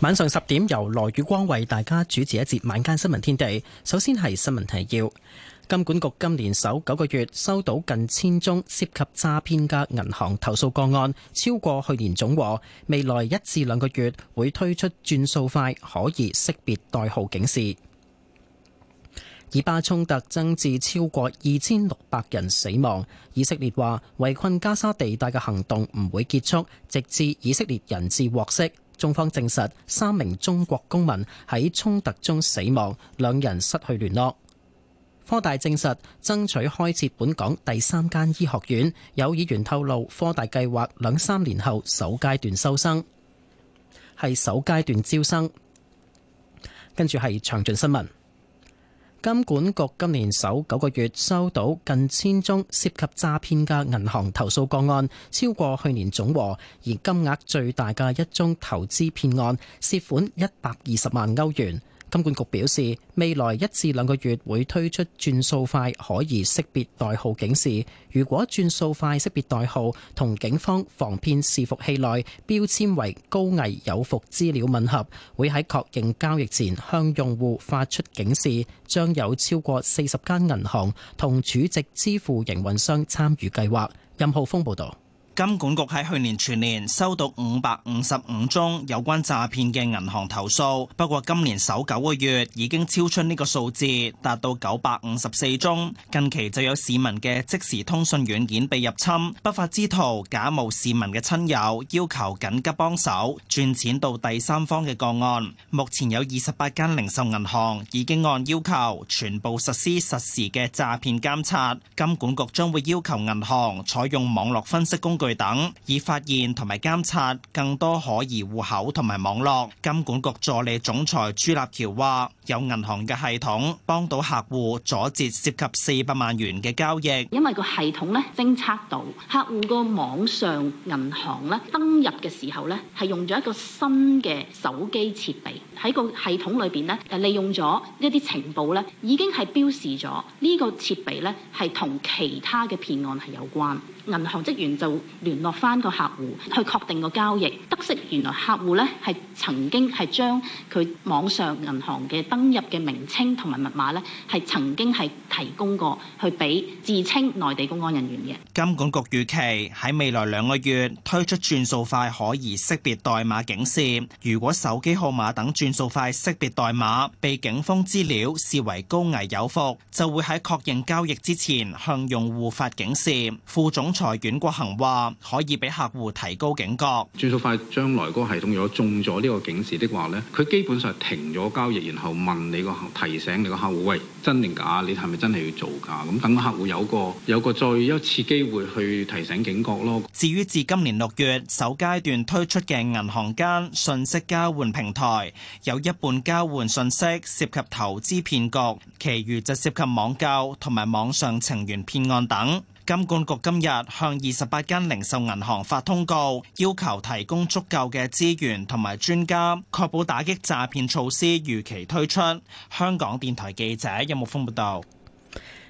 晚上十點，由羅宇光為大家主持一節晚間新聞天地。首先係新聞提要：金管局今年首九個月收到近千宗涉及詐騙嘅銀行投訴個案，超過去年總和。未來一至兩個月會推出轉數快可以識別代號警示。以巴衝突增至超過二千六百人死亡。以色列話圍困加沙地帶嘅行動唔會結束，直至以色列人質獲釋。中方證實三名中國公民喺衝突中死亡，兩人失去聯絡。科大證實爭取開設本港第三間醫學院，有議員透露科大計劃兩三年後首階段收生，係首階段招生。跟住係詳盡新聞。金管局今年首九個月收到近千宗涉及詐騙嘅銀行投訴個案，超過去年總和，而金額最大嘅一宗投資騙案，涉款一百二十萬歐元。金管局表示，未來一至兩個月會推出轉數快可疑識別代號警示。如果轉數快識別代號同警方防騙伺服器內標籤為高危有伏資料吻合，會喺確認交易前向用戶發出警示。將有超過四十間銀行同儲值支付營運商參與計劃。任浩峰報道。金管局喺去年全年收到五百五十五宗有關詐騙嘅銀行投訴，不過今年首九個月已經超出呢個數字，達到九百五十四宗。近期就有市民嘅即時通訊軟件被入侵，不法之徒假冒市民嘅親友，要求緊急幫手轉錢到第三方嘅個案。目前有二十八間零售銀行已經按要求全部實施實時嘅詐騙監察。金管局將會要求銀行採用網絡分析工具等，以發現同埋監察更多可疑戶口同埋網絡，金管局助理總裁朱立橋話。有銀行嘅系統幫到客戶阻截涉，涉及四百萬元嘅交易，因為個系統咧偵測到客戶個網上銀行咧登入嘅時候咧係用咗一個新嘅手機設備，喺個系統裏邊咧利用咗一啲情報咧已經係標示咗呢個設備咧係同其他嘅騙案係有關，銀行職員就聯絡翻個客戶去確定個交易，得悉原來客戶咧係曾經係將佢網上銀行嘅登入嘅名稱同埋密碼咧，係曾經係提供過去俾自稱內地公安人員嘅。金管局預期喺未來兩個月推出轉數快可疑識別代碼警示，如果手機號碼等轉數快識別代碼被警方資料視為高危有伏，就會喺確認交易之前向用戶發警示。副總裁阮國恆話：可以俾客戶提高警覺。轉數快將來嗰個系統如果中咗呢個警示的話咧，佢基本上係停咗交易，然後。問你個提醒你個客戶喂，真定假？你係咪真係要做㗎？咁等個客戶有個有個再一次機會去提醒警覺咯。至於自今年六月首階段推出嘅銀行間信息交換平台，有一半交換信息涉及投資騙局，其餘就涉及網購同埋網上情緣騙案等。金管局今日向二十八間零售銀行發通告，要求提供足夠嘅資源同埋專家，確保打擊詐騙措施如期推出。香港電台記者邱木豐報道。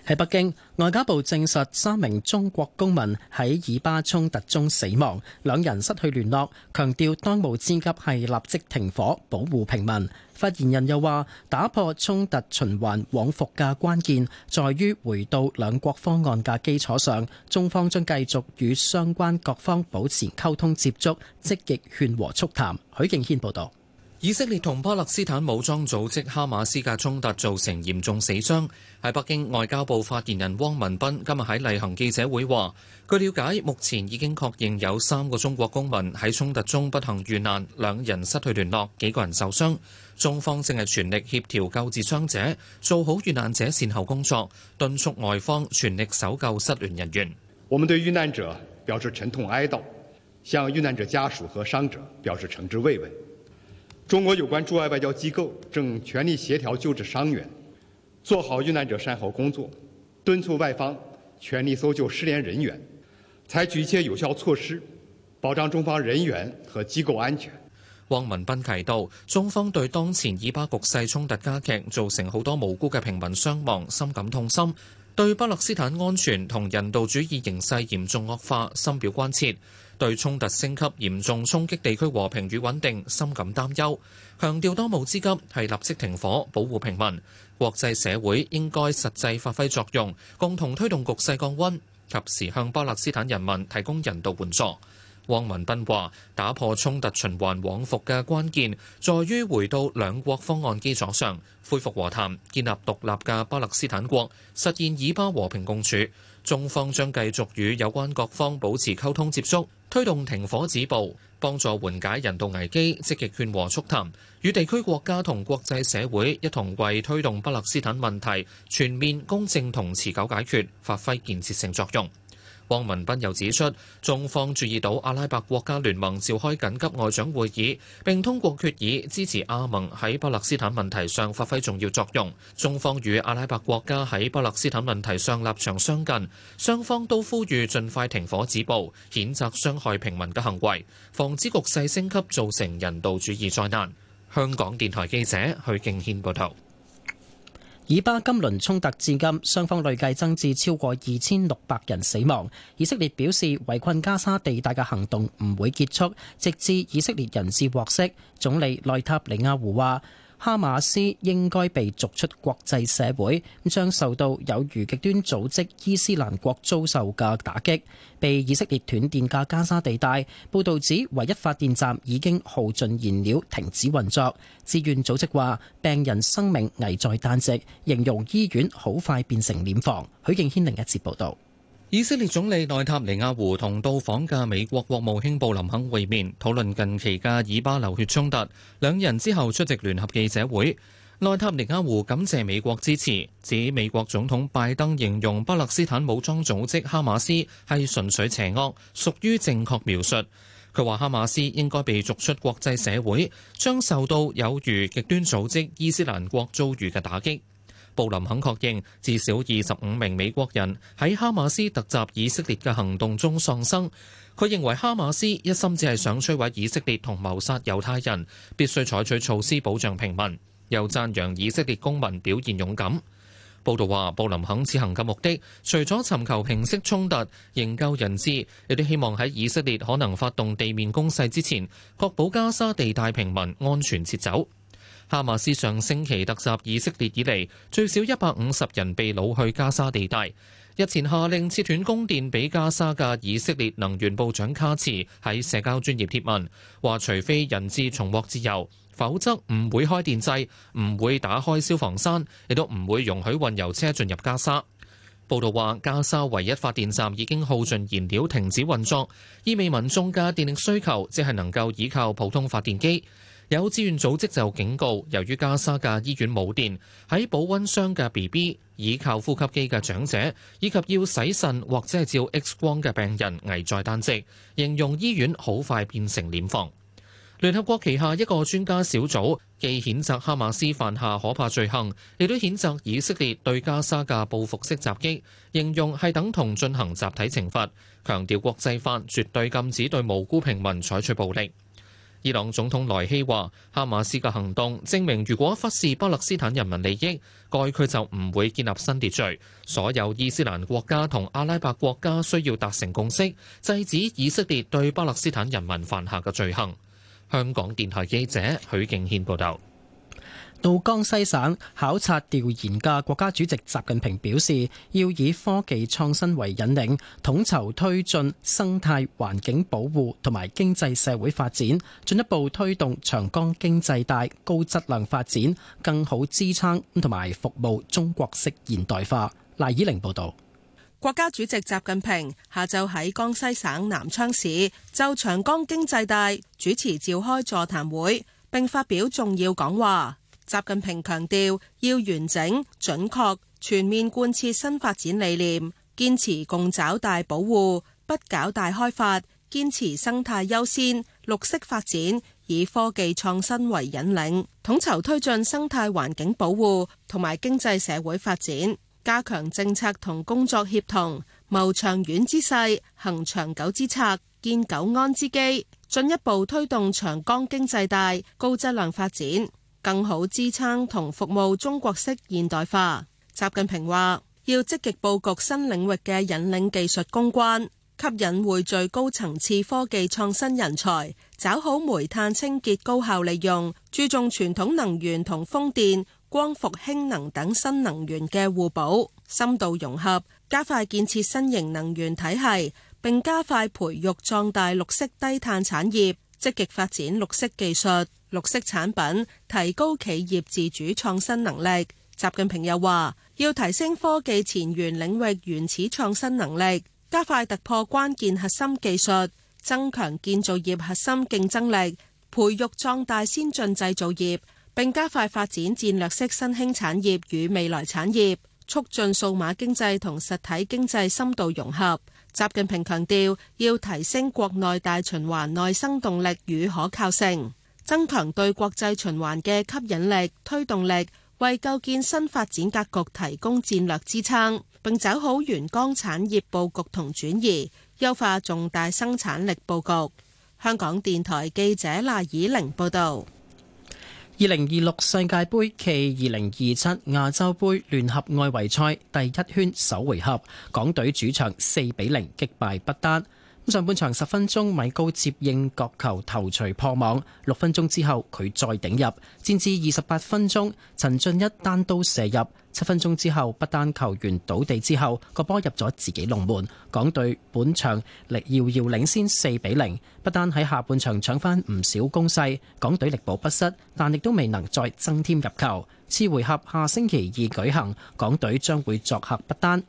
喺北京，外交部證實三名中國公民喺以巴衝突中死亡，兩人失去聯絡。強調當務之急係立即停火，保護平民。發言人又話，打破衝突循環往復嘅關鍵，在於回到兩國方案嘅基礎上，中方將繼續與相關各方保持溝通接觸，積極勸和促談。許敬軒報道。以色列同巴勒斯坦武裝組織哈馬斯嘅衝突造成嚴重死傷，喺北京外交部發言人汪文斌今日喺例行記者會話：據了解，目前已經確認有三個中國公民喺衝突中不幸遇難，兩人失去聯絡，幾個人受傷，中方正係全力協調救治傷者，做好遇難者善後工作，敦促外方全力搜救失聯人員。我們對遇難者表示沉痛哀悼，向遇難者家屬和傷者表示誠摯慰問。中國有關駐外外交機構正全力協調救治傷員，做好遇難者善後工作，敦促外方全力搜救失聯人員，採取一切有效措施，保障中方人員和機構安全。汪文斌提到，中方對當前以巴局勢衝突加劇，造成好多無辜嘅平民傷亡，深感痛心；對巴勒斯坦安全同人道主義形勢嚴重惡化，深表關切。對衝突升級嚴重衝擊地區和平與穩定，深感擔憂。強調當務之急係立即停火，保護平民。國際社會應該實際發揮作用，共同推動局勢降温，及時向巴勒斯坦人民提供人道援助。汪文斌話：打破衝突循環往復嘅關鍵，在於回到兩國方案基礎上，恢復和談，建立獨立嘅巴勒斯坦國，實現以巴和平共處。中方將繼續與有關各方保持溝通接觸，推動停火止暴，幫助緩解人道危機，積極勸和促談，與地區國家同國際社會一同為推動巴勒斯坦問題全面公正同持久解決發揮建設性作用。汪文斌又指出，中方注意到阿拉伯國家聯盟召開緊急外長會議，並通過決議支持阿盟喺巴勒斯坦問題上發揮重要作用。中方與阿拉伯國家喺巴勒斯坦問題上立場相近，雙方都呼籲盡快停火止暴，譴責傷害平民嘅行為，防止局勢升級造成人道主義災難。香港電台記者許敬軒報道。以巴金輪衝突至今，雙方累計增至超過二千六百人死亡。以色列表示圍困加沙地帶嘅行動唔會結束，直至以色列人質獲釋。總理內塔尼亞胡話。哈馬斯應該被逐出國際社會，將受到有如極端組織伊斯蘭國遭受嘅打擊。被以色列斷電嘅加沙地帶，報導指唯一發電站已經耗盡燃料，停止運作。志願組織話，病人生命危在旦夕，形容醫院好快變成殮房。許敬軒另一節報導。以色列總理內塔尼亞胡同到訪嘅美國國務卿布林肯會面，討論近期嘅以巴流血衝突。兩人之後出席聯合記者會，內塔尼亞胡感謝美國支持，指美國總統拜登形容巴勒斯坦武裝組織哈馬斯係純粹邪惡，屬於正確描述。佢話哈馬斯應該被逐出國際社會，將受到有如極端組織伊斯蘭國遭遇嘅打擊。布林肯確認至少二十五名美國人喺哈馬斯突襲以色列嘅行動中喪生。佢認為哈馬斯一心只係想摧毀以色列同謀殺猶太人，必須採取措施保障平民。又讚揚以色列公民表現勇敢。報道話，布林肯此行嘅目的，除咗尋求平息衝突、營救人質，亦都希望喺以色列可能發動地面攻勢之前，確保加沙地帶平民安全撤走。哈馬斯上星期突襲以色列以嚟，最少一百五十人被擄去加沙地帶。日前下令切斷供電俾加沙嘅以色列能源部長卡茨喺社交專頁貼文，話除非人質重獲自由，否則唔會開電掣，唔會打開消防栓，亦都唔會容許運油車進入加沙。報道話，加沙唯一發電站已經耗盡燃料，停止運作，意味民眾嘅電力需求只係能夠依靠普通發電機。有志願組織就警告，由於加沙嘅醫院冇電，喺保溫箱嘅 B B、倚靠呼吸機嘅長者以及要洗腎或者係照 X 光嘅病人危在旦夕，形容醫院好快變成殮房。聯合國旗下一個專家小組既譴責哈馬斯犯下可怕罪行，亦都譴責以色列對加沙嘅報復式襲擊，形容係等同進行集體懲罰，強調國際法絕對禁止對無辜平民採取暴力。伊朗總統萊希話：哈馬斯嘅行動證明，如果忽視巴勒斯坦人民利益，該區就唔會建立新秩序。所有伊斯蘭國家同阿拉伯國家需要達成共識，制止以色列對巴勒斯坦人民犯下嘅罪行。香港電台記者許敬軒報道。到江西省考察調研嘅國家主席習近平表示，要以科技創新為引領，統籌推進生態環境保護同埋經濟社會發展，進一步推動長江經濟帶高質量發展，更好支撐同埋服務中國式現代化。賴以玲報道，國家主席習近平下晝喺江西省南昌市就長江經濟帶主持召開座談會，並發表重要講話。習近平強調，要完整、準確、全面貫徹新發展理念，堅持共抓大保護，不搞大開發，堅持生態優先、綠色發展，以科技創新為引領，統籌推進生態環境保護同埋經濟社會發展，加強政策同工作協同，謀長遠之勢，行長久之策，建久安之基，進一步推動長江經濟帶高質量發展。更好支撐同服務中國式現代化，習近平話要積極布局新領域嘅引領技術攻關，吸引匯聚高層次科技創新人才，抓好煤炭清潔高效利用，注重傳統能源同風電、光伏、氫能等新能源嘅互補、深度融合，加快建設新型能源體系，並加快培育壯大綠色低碳產業，積極發展綠色技術。綠色產品，提高企業自主創新能力。習近平又話，要提升科技前沿領域原始創新能力，加快突破關鍵核心技術，增強建造業核心競爭力，培育壯大先進製造業，並加快發展戰略性新興產業與未來產業，促進數碼經濟同實體經濟深度融合。習近平強調，要提升國內大循環內生動力與可靠性。增強對國際循環嘅吸引力、推動力，為構建新發展格局提供戰略支撐，並走好沿江產業布局同轉移，優化重大生產力布局。香港電台記者賴以玲報道：二零二六世界杯暨二零二七亞洲杯聯合外圍賽第一圈首回合，港隊主場四比零擊敗不丹。上半場十分鐘，米高接應角球頭槌破網。六分鐘之後，佢再頂入，戰至二十八分鐘，陳俊一單刀射入。七分鐘之後，不丹球員倒地之後，個波入咗自己龍門。港隊本場力遙遙領先四比零，不丹喺下半場搶返唔少攻勢，港隊力保不失，但亦都未能再增添入球。次回合下星期二舉行，港隊將會作客不丹。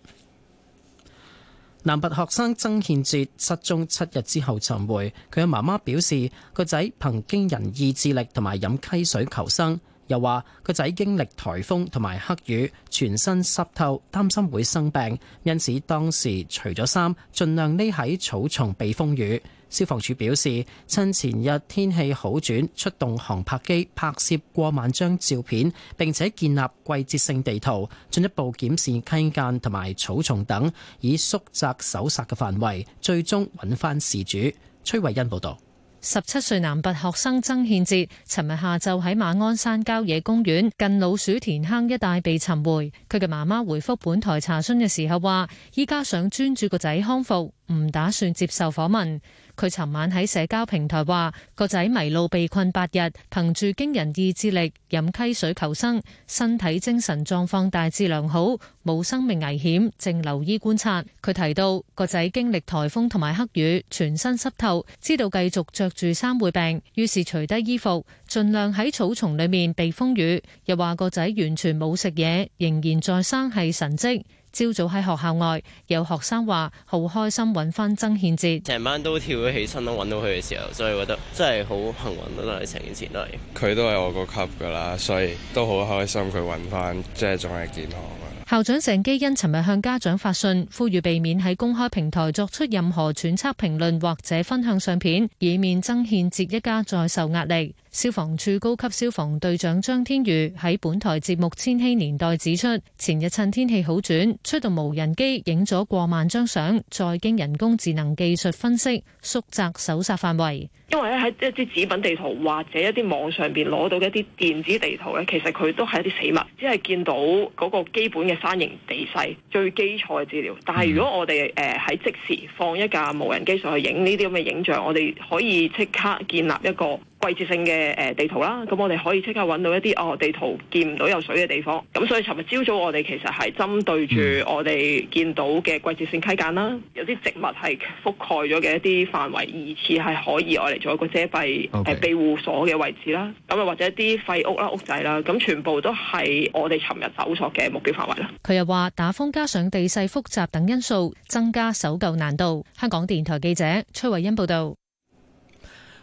南拔學生曾獻哲失蹤七日之後尋回，佢嘅媽媽表示，個仔憑驚人意志力同埋飲溪水求生，又話個仔經歷颱風同埋黑雨，全身濕透，擔心會生病，因此當時除咗衫，盡量匿喺草叢避風雨。消防處表示，趁前日天氣好轉，出動航拍機拍攝過萬張照片，並且建立季節性地圖，進一步檢視溪澗同埋草叢等，以縮窄搜索嘅範圍，最終揾返事主。崔慧欣報道：「十七歲男拔學生曾憲哲，尋日下晝喺馬鞍山郊野公園近老鼠田坑一帶被尋回。佢嘅媽媽回覆本台查詢嘅時候話，依家想專注個仔康復，唔打算接受訪問。佢尋晚喺社交平台話：個仔迷路被困八日，憑住驚人意志力飲溪水求生，身體精神狀況大致良好，冇生命危險，正留醫觀察。佢提到個仔經歷颱風同埋黑雨，全身濕透，知道繼續着住衫會病，於是除低衣服，盡量喺草叢裏面避風雨。又話個仔完全冇食嘢，仍然在生係神蹟。朝早喺學校外有學生話好開心，揾翻曾憲哲，成班都跳咗起身咯，揾到佢嘅時候，所以覺得真係好幸運啦。成年前都係佢都係我個級噶啦，所以都好開心。佢揾翻即係仲係健康啊。校長鄭基恩尋日向家長發信，呼籲避免喺公開平台作出任何揣測評論或者分享相片，以免曾憲哲一家再受壓力。消防處高級消防隊長張天宇喺本台節目《千禧年代》指出，前日趁天氣好轉，出動無人機影咗過萬張相，再經人工智能技術分析，縮窄搜查範圍。因為喺一啲紙品地圖或者一啲網上邊攞到嘅一啲電子地圖咧，其實佢都係一啲死物，只係見到嗰個基本嘅山形地勢最基礎嘅資料。但係如果我哋誒喺即時放一架無人機上去影呢啲咁嘅影像，我哋可以即刻建立一個。季節性嘅誒地圖啦，咁我哋可以即刻揾到一啲哦地圖見唔到有水嘅地方，咁所以尋日朝早我哋其實係針對住我哋見到嘅季節性溪澗啦，嗯、有啲植物係覆蓋咗嘅一啲範圍，疑似係可以我嚟做一個遮蔽誒庇護所嘅位置啦。咁啊 Okay.、呃、或者一啲廢屋啦，屋仔啦，咁全部都係我哋尋日搜索嘅目標範圍啦。佢又話打風加上地勢複雜等因素，增加搜救難度。香港電台記者崔慧欣報道。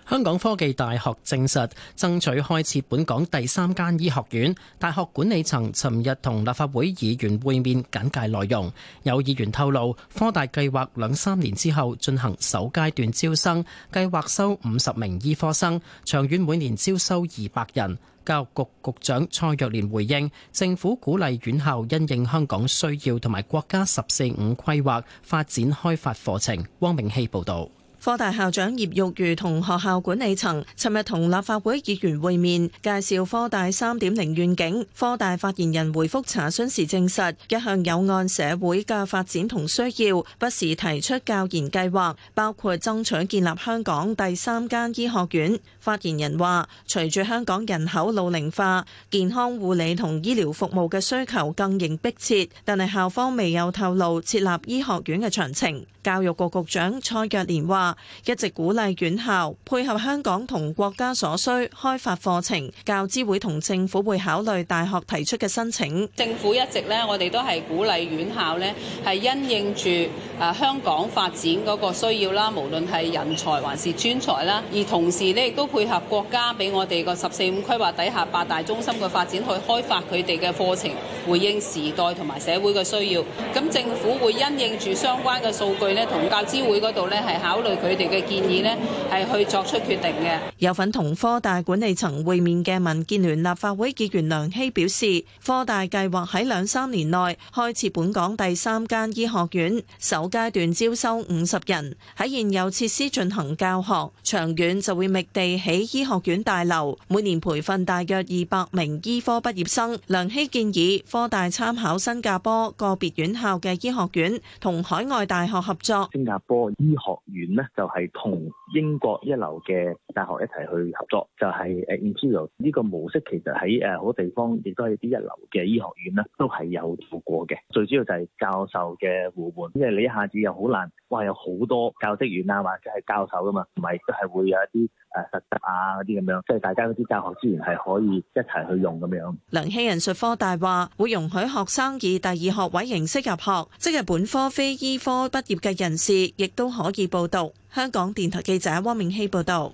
香港科技大學證實爭取開設本港第三間醫學院，大學管理層尋日同立法會議員會面，簡介內容。有議員透露，科大計劃兩三年之後進行首階段招生，計劃收五十名醫科生，長遠每年招收二百人。教育局局長蔡若蓮回應，政府鼓勵院校因應香港需要同埋國家十四五規劃發展開發課程。汪明希報道。科大校長葉玉如同學校管理層尋日同立法會議員會面，介紹科大三點零願景。科大發言人回覆查詢時證實，一向有按社會嘅發展同需要，不時提出教研計劃，包括爭取建立香港第三間醫學院。發言人話，隨住香港人口老齡化，健康護理同醫療服務嘅需求更形迫切，但係校方未有透露設立醫學院嘅詳情。教育局局長蔡若蓮話。一直鼓勵院校配合香港同國家所需開發課程，教資會同政府會考慮大學提出嘅申請。政府一直咧，我哋都係鼓勵院校咧，係因應住誒香港發展嗰個需要啦，無論係人才還是專才啦，而同時咧亦都配合國家俾我哋個十四五規劃底下八大中心嘅發展去開發佢哋嘅課程，回應時代同埋社會嘅需要。咁政府會因應住相關嘅數據咧，同教資會嗰度咧，係考慮。佢哋嘅建議呢，係去作出決定嘅。有份同科大管理層會面嘅民建聯立法會議員梁希表示，科大計劃喺兩三年內開設本港第三間醫學院，首階段招收五十人喺現有設施進行教學，長遠就會覓地起醫學院大樓，每年培訓大約二百名醫科畢業生。梁希建議科大參考新加坡個別院校嘅醫學院同海外大學合作。新加坡醫學院呢，就係同英國一流嘅大學一齊去合作，就係、是、誒 interior 呢個模式其實喺誒好多地方，亦都係啲一,一流嘅醫學院啦，都係有做過嘅。最主要就係教授嘅互換，因為你一下子又好難。哇！有好多教職員啊，或者係教授噶嘛，唔係都係會有一啲誒實習啊嗰啲咁樣，即係、啊、大家嗰啲教學資源係可以一齊去用咁樣。梁希人説，科大話會容許學生以第二學位形式入學，即係本科非醫科畢業嘅人士，亦都可以報讀。香港電台記者汪明希報導。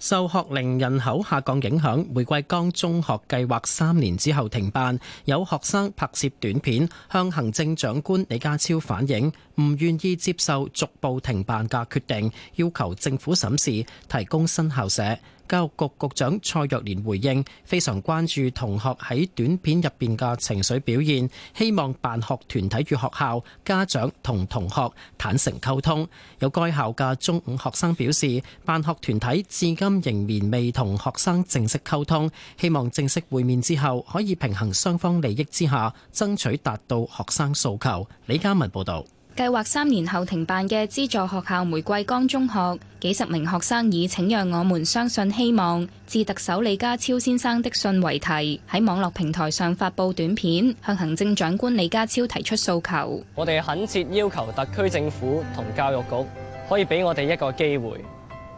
受學齡人口下降影響，玫瑰崗中學計劃三年之後停辦。有學生拍攝短片向行政長官李家超反映，唔願意接受逐步停辦嘅決定，要求政府審視，提供新校舍。教育局局長蔡若蓮回應，非常關注同學喺短片入邊嘅情緒表現，希望辦學團體與學校家長同同學坦誠溝通。有該校嘅中五學生表示，辦學團體至今仍然未同學生正式溝通，希望正式會面之後可以平衡雙方利益之下，爭取達到學生訴求。李嘉文報道。計劃三年後停辦嘅資助學校玫瑰崗中學，幾十名學生以《請讓我們相信希望》致特首李家超先生的信為題，喺網絡平台上發布短片，向行政長官李家超提出訴求。我哋懇切要求特區政府同教育局可以俾我哋一個機會，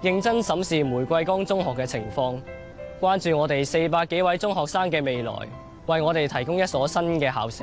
認真審視玫瑰崗中學嘅情況，關注我哋四百幾位中學生嘅未來，為我哋提供一所新嘅校舍。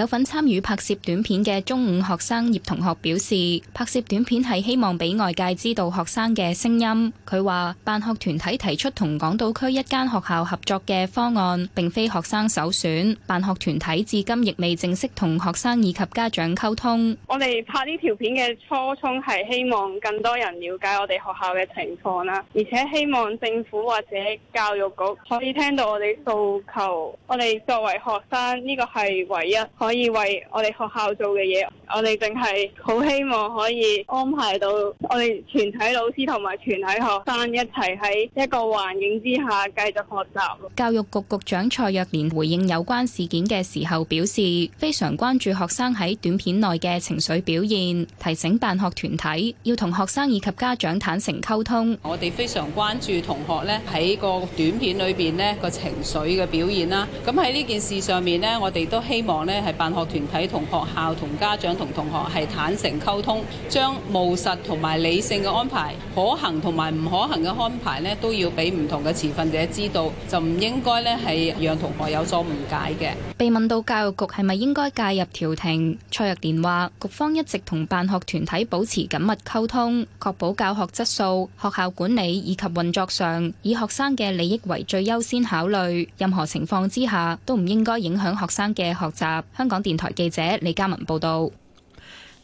有份參與拍攝短片嘅中五學生葉同學表示，拍攝短片係希望俾外界知道學生嘅聲音。佢話辦學團體提出同港島區一間學校合作嘅方案，並非學生首選。辦學團體至今亦未正式同學生以及家長溝通。我哋拍呢條片嘅初衷係希望更多人了解我哋學校嘅情況啦，而且希望政府或者教育局可以聽到我哋訴求。我哋作為學生，呢個係唯一。可以為我哋學校做嘅嘢，我哋淨係好希望可以安排到我哋全體老師同埋全體學生一齊喺一個環境之下繼續學習。教育局局長蔡若蓮回應有關事件嘅時候表示，非常關注學生喺短片內嘅情緒表現，提醒辦學團體要同學生以及家長坦誠溝通。我哋非常關注同學咧喺個短片裏邊咧個情緒嘅表現啦。咁喺呢件事上面咧，我哋都希望咧。辦學團體同學校同家長同同學係坦誠溝通，將務實同埋理性嘅安排，可行同埋唔可行嘅安排咧，都要俾唔同嘅持份者知道，就唔應該咧係讓同學有所誤解嘅。被問到教育局係咪應該介入調停，蔡若蓮話，局方一直同辦學團體保持緊密溝通，確保教學質素、學校管理以及運作上以學生嘅利益為最優先考慮，任何情況之下都唔應該影響學生嘅學習。香港電台記者李嘉文報道，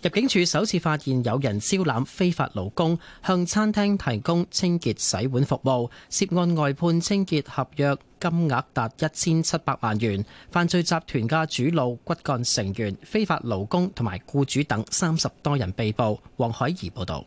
入境處首次發現有人招攬非法勞工向餐廳提供清潔洗碗服務，涉案外判清潔合約金額達一千七百萬元。犯罪集團嘅主腦骨幹成員、非法勞工同埋僱主等三十多人被捕。黃海怡報道。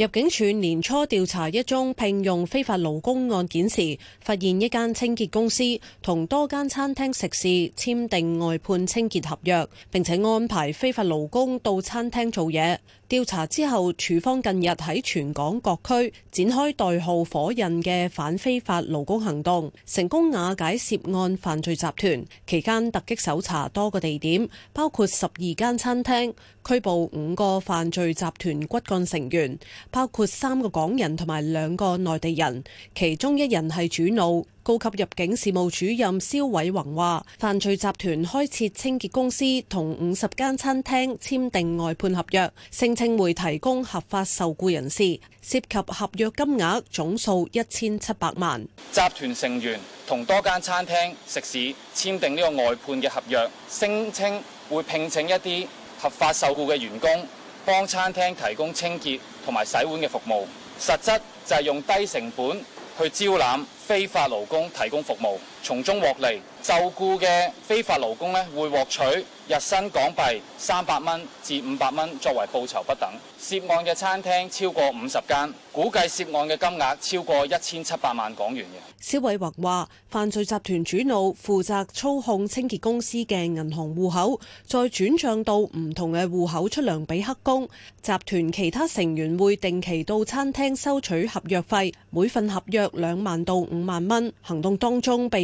入境處年初調查一宗聘用非法勞工案件時，發現一間清潔公司同多間餐廳食肆簽訂外判清潔合約，並且安排非法勞工到餐廳做嘢。調查之後，處方近日喺全港各區展開代號「火印」嘅反非法勞工行動，成功瓦解涉案犯罪集團。期間突擊搜查多個地點，包括十二間餐廳，拘捕五個犯罪集團骨幹成員，包括三個港人同埋兩個內地人，其中一人係主腦。高級入境事務主任蕭偉宏話：犯罪集團開設清潔公司，同五十間餐廳簽訂外判合約，聲稱會提供合法受僱人士，涉及合約金額總數一千七百萬。集團成員同多間餐廳、食肆簽訂呢個外判嘅合約，聲稱會聘請一啲合法受僱嘅員工，幫餐廳提供清潔同埋洗碗嘅服務。實質就係用低成本去招攬。非法勞工提供服務。從中獲利，就僱嘅非法勞工會獲取日薪港幣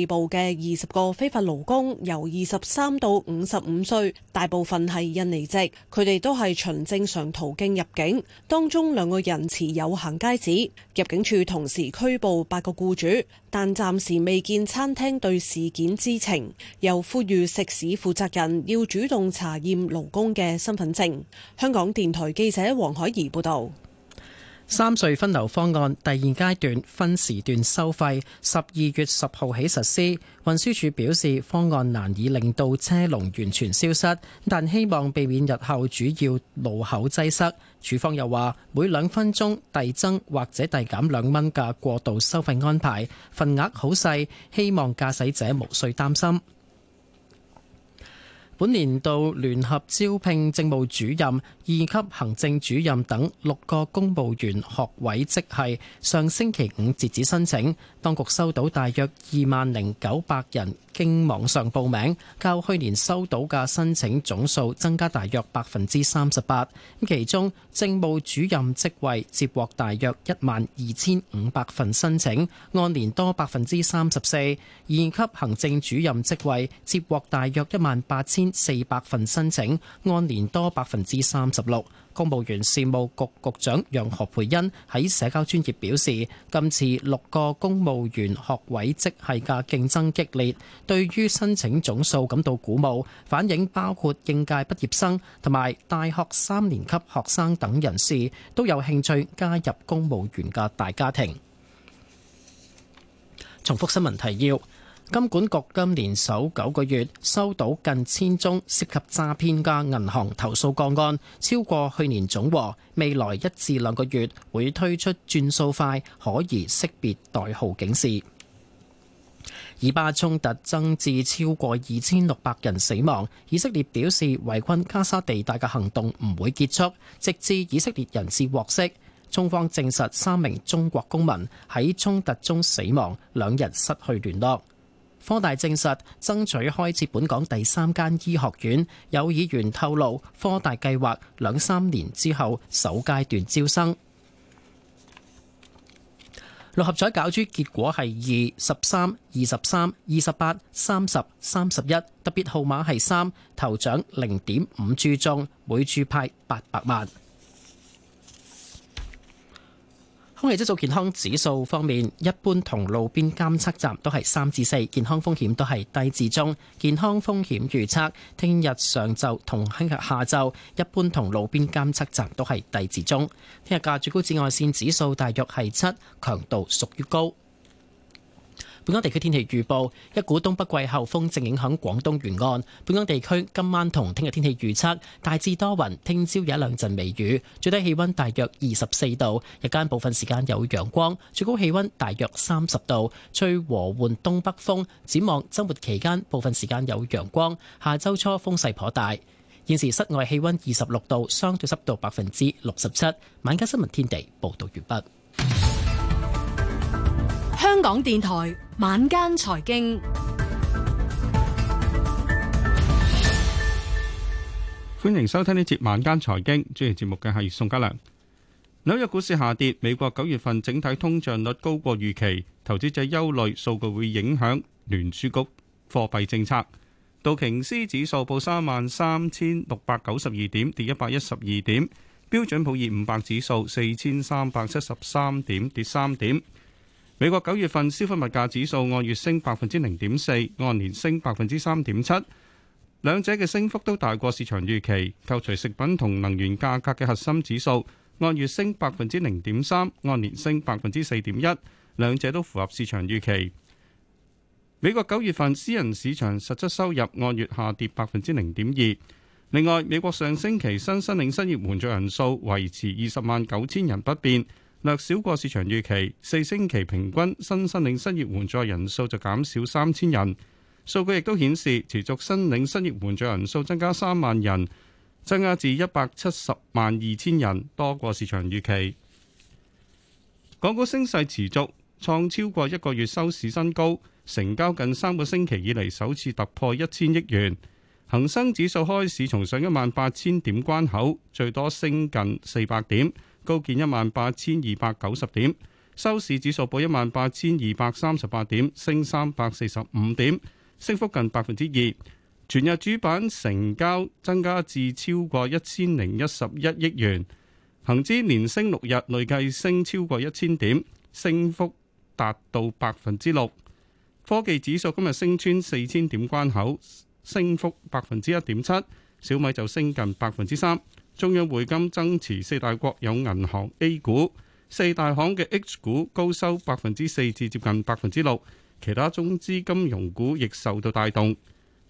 部嘅二十個非法勞工由二十三到五十五歲，大部分係印尼籍，佢哋都係循正常途徑入境。當中兩個人持有行街紙，入境處同時拘捕八個僱主，但暫時未見餐廳對事件知情，又呼籲食肆負責人要主動查驗勞工嘅身份證。香港電台記者黃海怡報道。三隧分流方案第二階段分時段收費，十二月十號起實施。運輸署表示，方案難以令到車龍完全消失，但希望避免日後主要路口擠塞。署方又話，每兩分鐘遞增或者遞減兩蚊嘅過渡收費安排，份額好細，希望駕駛者無須擔心。本年度聯合招聘政務主任、二級行政主任等六個公務員學位職系，上星期五截止申請。當局收到大約二萬零九百人經網上報名，較去年收到嘅申請總數增加大約百分之三十八。其中，政務主任職位接獲大約一萬二千五百份申請，按年多百分之三十四；二級行政主任職位接獲大約一萬八千四百份申請，按年多百分之三十六。公務員事務局局長楊何蓓茵喺社交專頁表示，今次六個公務員學位職系嘅競爭激烈，對於申請總數感到鼓舞，反映包括應屆畢業生同埋大學三年級學生等人士都有興趣加入公務員嘅大家庭。重複新聞提要。金管局今年首九個月收到近千宗涉及詐騙嘅銀行投訴個案，超過去年總和。未來一至兩個月會推出轉數快，可疑識別代號警示。以巴衝突增至超過二千六百人死亡，以色列表示圍困加沙地帶嘅行動唔會結束，直至以色列人質獲釋。中方證實三名中國公民喺衝突中死亡，兩人失去聯絡。科大證實爭取開設本港第三間醫學院，有議員透露科大計劃兩三年之後首階段招生。六合彩攪珠結果係二、十三、二十三、二十八、三十、三十一，特別號碼係三，頭獎零點五注中，每注派八百萬。空氣質素健康指數方面，一般同路邊監測站都係三至四，健康風險都係低至中。健康風險預測，聽日上晝同聽日下晝，一般同路邊監測站都係低至中。聽日嘅最高紫外線指數大約係七，強度屬於高。本港地區天氣預報：一股東北季候風正影響廣東沿岸。本港地區今晚同聽日天氣預測大致多雲，聽朝有一兩陣微雨，最低氣溫大約二十四度，日間部分時間有陽光，最高氣溫大約三十度，吹和緩東北風。展望周末期間部分時間有陽光，下周初風勢頗大。現時室外氣溫二十六度，相對濕度百分之六十七。晚間新聞天地報道完畢。港電台晚間財經，歡迎收聽呢節晚間財經。主持節目嘅係宋家良。紐約股市下跌，美國九月份整體通脹率高過預期，投資者憂慮數據會影響聯儲局貨幣政策。道瓊斯指數報三萬三千六百九十二點，跌一百一十二點。標準普爾五百指數四千三百七十三點，跌三點。美國九月份消費物價指數按月升百分之零點四，按年升百分之三點七，兩者嘅升幅都大過市場預期。扣除食品同能源價格嘅核心指數按月升百分之零點三，按年升百分之四點一，兩者都符合市場預期。美國九月份私人市場實質收入按月下跌百分之零點二。另外，美國上星期新申領失業援助人數維持二十萬九千人不變。略少過市場預期，四星期平均新申領失業援助人數就減少三千人。數據亦都顯示持續申領失業援助人數增加三萬人，增加至一百七十萬二千人，多過市場預期。港股升勢持續，創超過一個月收市新高，成交近三個星期以嚟首次突破一千億元。恒生指數開市從上一萬八千點關口，最多升近四百點。高見一萬八千二百九十點，收市指數報一萬八千二百三十八點，升三百四十五點，升幅近百分之二。全日主板成交增加至超過一千零一十一億元，恒指連升六日，累計升超過一千點，升幅達到百分之六。科技指數今日升穿四千點關口，升幅百分之一點七，小米就升近百分之三。中央匯金增持四大國有銀行 A 股，四大行嘅 H 股高收百分之四至接近百分之六，其他中資金融股亦受到帶動。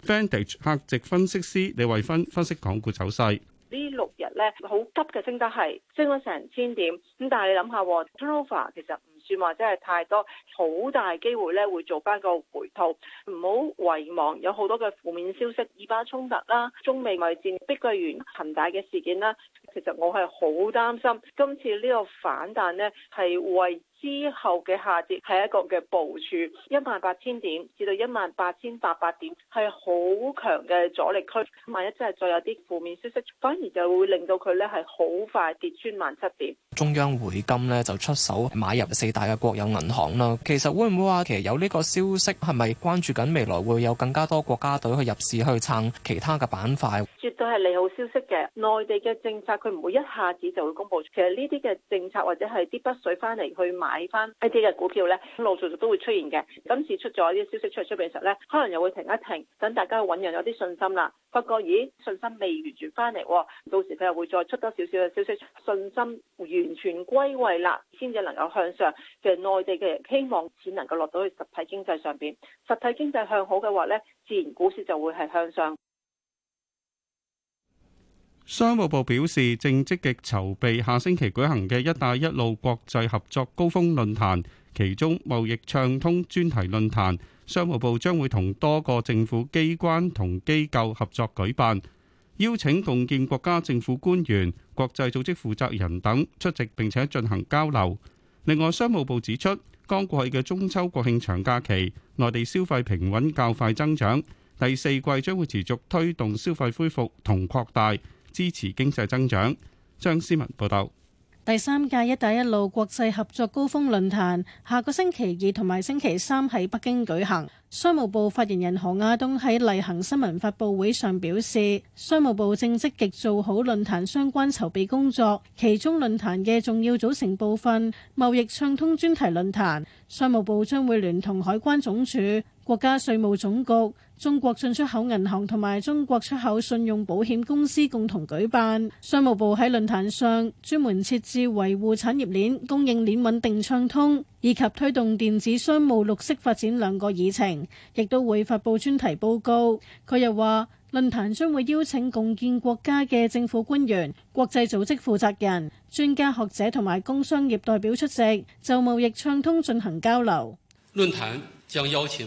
Fantage 客席分析師李慧芬分析港股走勢呢：呢六日咧，好急嘅升得係升咗成千點，咁但係你諗下，Trava 其實轉話真係太多，好大機會咧會做翻個回吐，唔好遺忘有好多嘅負面消息，以巴衝突啦、中美貿戰、碧桂園恒大嘅事件啦，其實我係好擔心今次呢個反彈呢，係為之後嘅下跌係一個嘅部署，一萬八千點至到一萬八千八百點係好強嘅阻力區，萬一真係再有啲負面消息，反而就會令到佢咧係好快跌穿萬七點。中央匯金咧就出手買入四大嘅國有銀行啦。其實會唔會話其實有呢個消息係咪關注緊未來會有更加多國家隊去入市去撐其他嘅板塊？絕對係利好消息嘅。內地嘅政策佢唔會一下子就會公布。其實呢啲嘅政策或者係啲北水翻嚟去買翻一啲嘅股票咧，陸續陸續都會出現嘅。今次出咗呢個消息出嚟出面嘅時候咧，可能又會停一停，等大家揾人有啲信心啦。發覺咦，信心未完全翻嚟，到時佢又會再出多少少嘅消息，信心餘。完全歸位啦，先至能夠向上。其實內地嘅人希望錢能夠落到去實體經濟上邊，實體經濟向好嘅話呢，自然股市就會係向上。商務部表示，正積極籌備下星期舉行嘅「一帶一路」國際合作高峰論壇，其中貿易暢通專題論壇，商務部將會同多個政府機關同機構合作舉辦。邀請共建國家政府官員、國際組織負責人等出席，並且進行交流。另外，商務部指出，剛過去嘅中秋國慶長假期，內地消費平穩較快增長，第四季將會持續推動消費恢復同擴大，支持經濟增長。張思文報道。第三屆“一帶一路”國際合作高峰論壇下個星期二同埋星期三喺北京舉行。商務部發言人何亞東喺例行新聞發佈會上表示，商務部正積極做好論壇相關籌備工作，其中論壇嘅重要組成部分——貿易暢通專題論壇，商務部將會聯同海關總署、國家稅務總局、中國進出口銀行同埋中國出口信用保險公司共同舉辦。商務部喺論壇上專門設置維護產業鏈供應鏈穩定暢通以及推動電子商務綠色發展兩個議程，亦都會發佈專題報告。佢又話，論壇將會邀請共建國家嘅政府官員、國際組織負責人、專家學者同埋工商業代表出席，就貿易暢通進行交流。論壇將邀請。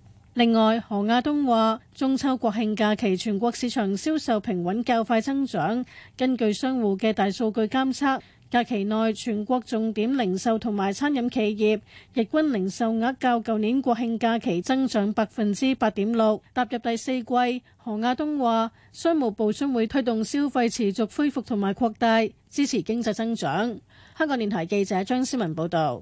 另外，何亞東話中秋國慶假期全國市場銷售平穩，較快增長。根據商戶嘅大數據監測，假期內全國重點零售同埋餐飲企業日均零售額較舊年國慶假期增長百分之八點六。踏入第四季，何亞東話商務部將會推動消費持續恢復同埋擴大，支持經濟增長。香港電台記者張思文報道。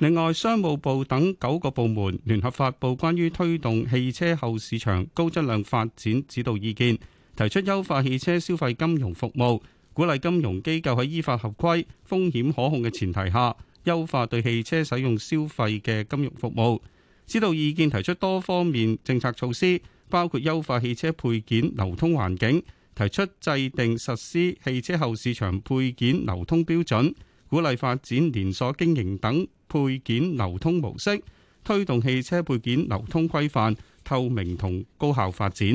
另外，商務部等九個部門聯合發布關於推動汽車後市場高質量發展指導意見，提出優化汽車消費金融服務，鼓勵金融機構喺依法合規、風險可控嘅前提下，優化對汽車使用消費嘅金融服務。指導意見提出多方面政策措施，包括優化汽車配件流通環境，提出制定實施汽車後市場配件流通標準，鼓勵發展連鎖經營等。配件流通模式，推動汽車配件流通規範透明同高效發展。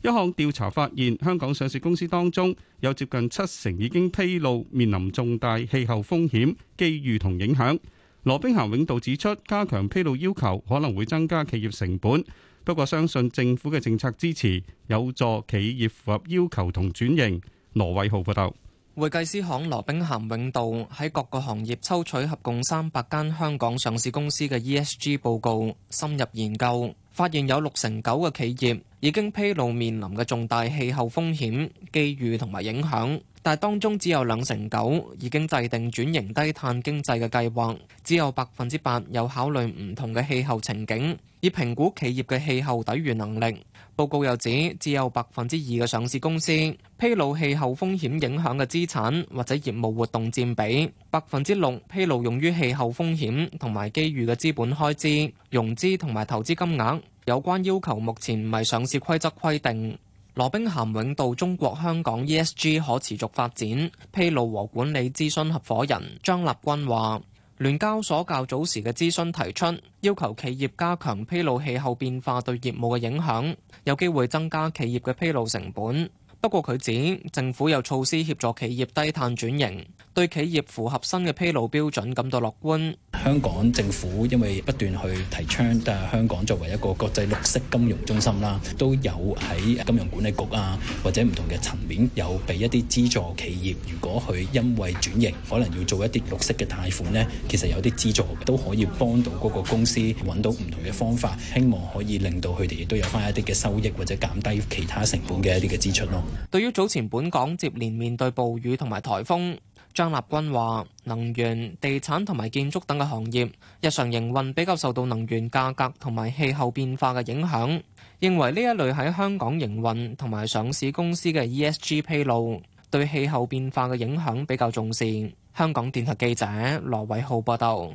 一項調查發現，香港上市公司當中有接近七成已經披露面臨重大氣候風險、機遇同影響。羅兵咸永道指出，加強披露要求可能會增加企業成本，不過相信政府嘅政策支持有助企業符合要求同轉型。羅偉浩報道。會計師行羅兵咸永道喺各個行業抽取合共三百間香港上市公司嘅 ESG 報告，深入研究，發現有六成九嘅企業已經披露面臨嘅重大氣候風險、機遇同埋影響，但係當中只有兩成九已經制定轉型低碳經濟嘅計劃，只有百分之八有考慮唔同嘅氣候情景，以評估企業嘅氣候抵禦能力。報告又指，只有百分之二嘅上市公司披露氣候風險影響嘅資產或者業務活動佔比，百分之六披露用於氣候風險同埋機遇嘅資本開支、融資同埋投資金額。有關要求目前唔係上市規則規定。羅兵咸永道中國香港 ESG 可持續發展披露和管理諮詢合夥人張立軍話。聯交所較早時嘅諮詢提出，要求企業加強披露氣候變化對業務嘅影響，有機會增加企業嘅披露成本。不過佢指，政府有措施協助企業低碳轉型。對企業符合新嘅披露標準感到樂觀。香港政府因為不斷去提倡，但香港作為一個國際綠色金融中心啦，都有喺金融管理局啊，或者唔同嘅層面有俾一啲資助企業。如果佢因為轉型，可能要做一啲綠色嘅貸款呢，其實有啲資助都可以幫到嗰個公司揾到唔同嘅方法，希望可以令到佢哋亦都有翻一啲嘅收益，或者減低其他成本嘅一啲嘅支出咯。對於早前本港接連面對暴雨同埋颱風。張立軍話：能源、地產同埋建築等嘅行業，日常營運比較受到能源價格同埋氣候變化嘅影響。認為呢一類喺香港營運同埋上市公司嘅 ESG 披露，對氣候變化嘅影響比較重視。香港電台記者羅偉浩報道。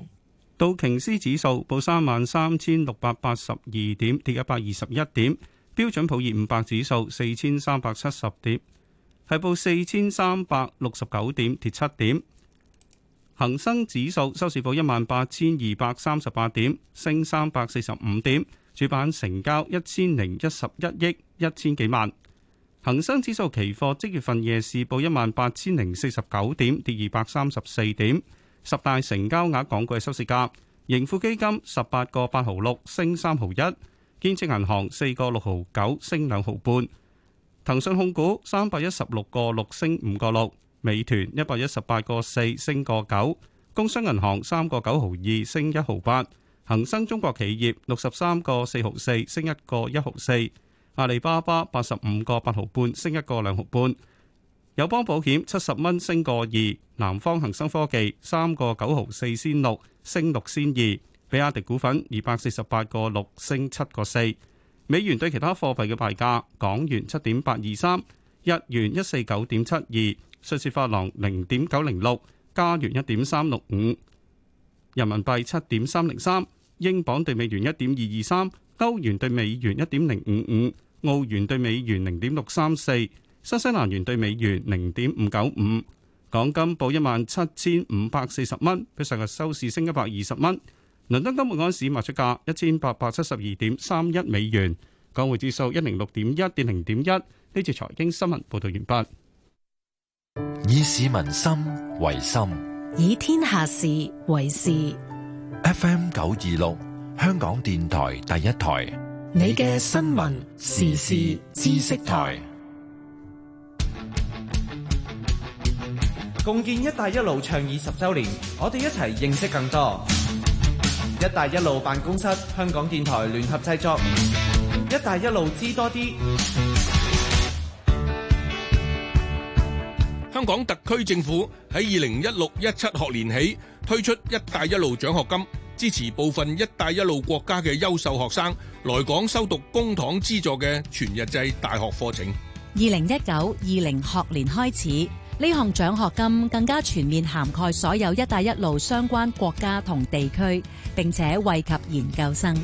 道瓊斯指數報三萬三千六百八十二點，跌一百二十一點。標準普爾五百指數四千三百七十點。係報四千三百六十九點，跌七點。恒生指數收市報一萬八千二百三十八點，升三百四十五點。主板成交一千零一十一億一千幾萬。恒生指數期貨即月份夜市報一萬八千零四十九點，跌二百三十四點。十大成交額，港股嘅收市價：盈富基金十八個八毫六，升三毫一；建設銀行四個六毫九，升兩毫半。騰訊控股三百一十六個六升五個六，美團一百一十八個四升個九，工商銀行三個九毫二升一毫八，恒生中國企業六十三個四毫四升一個一毫四，阿里巴巴八十五個八毫半升一個兩毫半，友邦保險七十蚊升個二，南方恒生科技三個九毫四先六升六先二，比亞迪股份二百四十八個六升七個四。美元對其他貨幣嘅牌價：港元七點八二三，日元一四九點七二，瑞士法郎零點九零六，加元一點三六五，人民幣七點三零三，英鎊對美元一點二二三，歐元對美元一點零五五，澳元對美元零點六三四，新西蘭元對美元零點五九五。港金報一萬七千五百四十蚊，比上日收市升一百二十蚊。倫敦金每盎司賣出價一千八百七十二點三一美元，港匯指數一零六點一，跌零點一。呢次財經新聞報道完畢。以市民心為心，以天下事為事。FM 九二六，香港電台第一台，你嘅新聞時事知識台，共建一帶一路倡議十周年，我哋一齊認識更多。一帶一路辦公室，香港電台聯合製作《一帶一路知多啲》。香港特區政府喺二零一六、一七學年起推出一帶一路獎學金，支持部分一帶一路國家嘅優秀學生來港修讀公帑資助嘅全日制大學課程。二零一九、二零學年開始。呢項獎學金更加全面涵蓋所有一帶一路相關國家同地區，並且惠及研究生。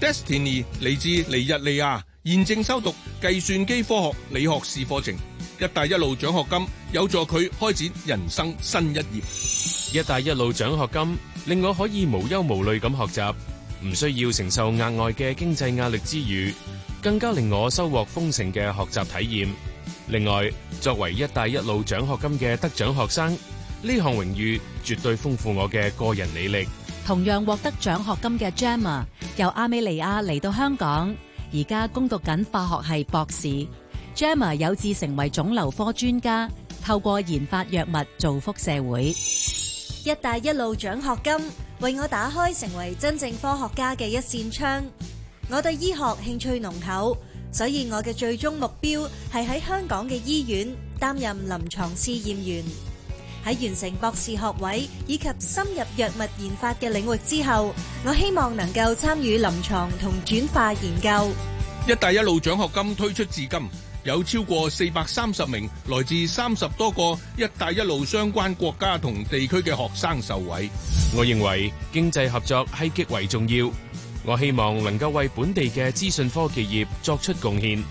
Destiny 嚟自尼日利亞，現正修讀計算機科學理學士課程。一帶一路獎學金有助佢開展人生新一頁。一帶一路獎學金令我可以無憂無慮咁學習，唔需要承受額外嘅經濟壓力之餘，更加令我收穫豐盛嘅學習體驗。另外，作為一帶一路獎學金嘅得獎學生，呢項榮譽絕對豐富我嘅個人履歷。同樣獲得獎學金嘅 Jemma 由亞美尼亞嚟到香港，而家攻讀緊化學系博士。Jemma 有志成為腫瘤科專家，透過研發藥物造福社會。一帶一路獎學金為我打開成為真正科學家嘅一扇窗。我對醫學興趣濃厚。所以我嘅最終目標係喺香港嘅醫院擔任臨床試驗員。喺完成博士學位以及深入藥物研發嘅領域之後，我希望能夠參與臨床同轉化研究。一帶一路獎學金推出至今，有超過四百三十名來自三十多個一帶一路相關國家同地區嘅學生受惠。我認為經濟合作係極為重要。我希望能夠為本地嘅資訊科技業作出貢獻，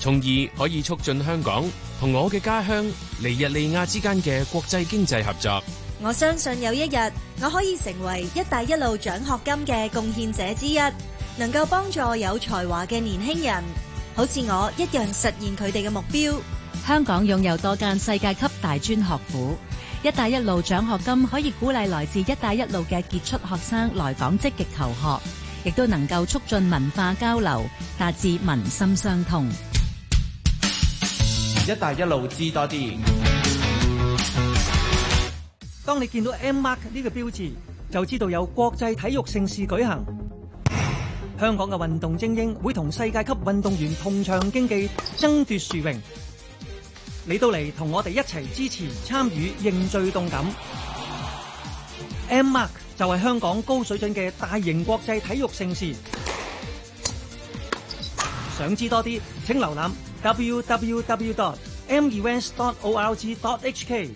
從而可以促進香港同我嘅家鄉尼日利亞之間嘅國際經濟合作。我相信有一日我可以成為“一帶一路”獎學金嘅貢獻者之一，能夠幫助有才華嘅年輕人，好似我一樣實現佢哋嘅目標。香港擁有多間世界級大專學府，“一帶一路”獎學金可以鼓勵來自“一帶一路”嘅傑出學生來港積極求學，亦都能夠促進文化交流，達至民心相通。一帶一路知多啲。當你見到 M Mark 呢個標誌，就知道有國際體育盛事舉行。香港嘅運動精英會同世界級運動員同場競技，爭奪殊榮。你到嚟同我哋一齊支持、參與、應最動感。M Mark 就係香港高水準嘅大型國際體育盛事，想知多啲，請瀏覽 www.mevents.org.hk。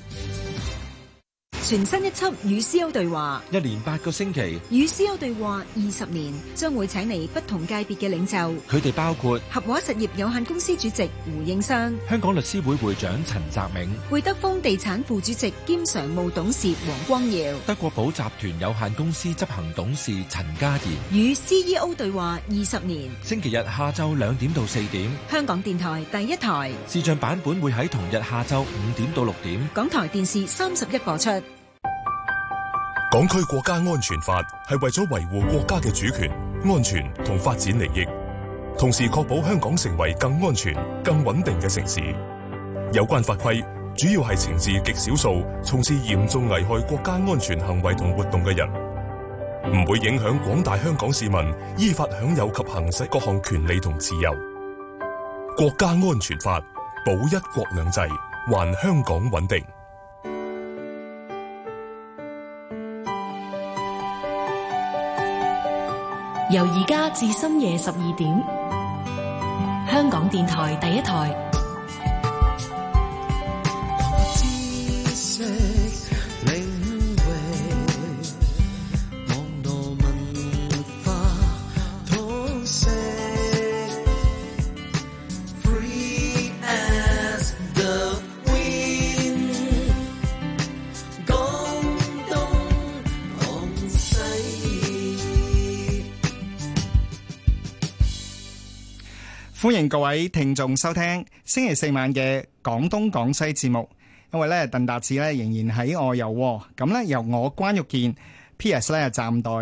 全新一輯與 CEO 對話，一連八個星期與 CEO 對話二十年，將會請嚟不同界別嘅領袖，佢哋包括合和實業有限公司主席胡應湘、香港律師會會長陳澤銘、會德豐地產副主席兼常務董事黃光耀、德國寶集團有限公司執行董事陳嘉賢。與 CEO 對話二十年，星期日下晝兩點到四點，香港電台第一台視像版本會喺同日下晝五點到六點，港台電視三十一播出。港區國家安全法係為咗維護國家嘅主權、安全同發展利益，同時確保香港成為更安全、更穩定嘅城市。有關法規主要係懲治極少數從事嚴重危害國家安全行為同活動嘅人，唔會影響廣大香港市民依法享有及行使各項權利同自由。國家安全法保一國兩制，還香港穩定。由而家至深夜十二點，香港電台第一台。各位聽眾收聽星期四晚嘅廣東廣西節目，因為咧鄧達志咧仍然喺外遊，咁咧由我關玉健 P.S. 咧係暫代。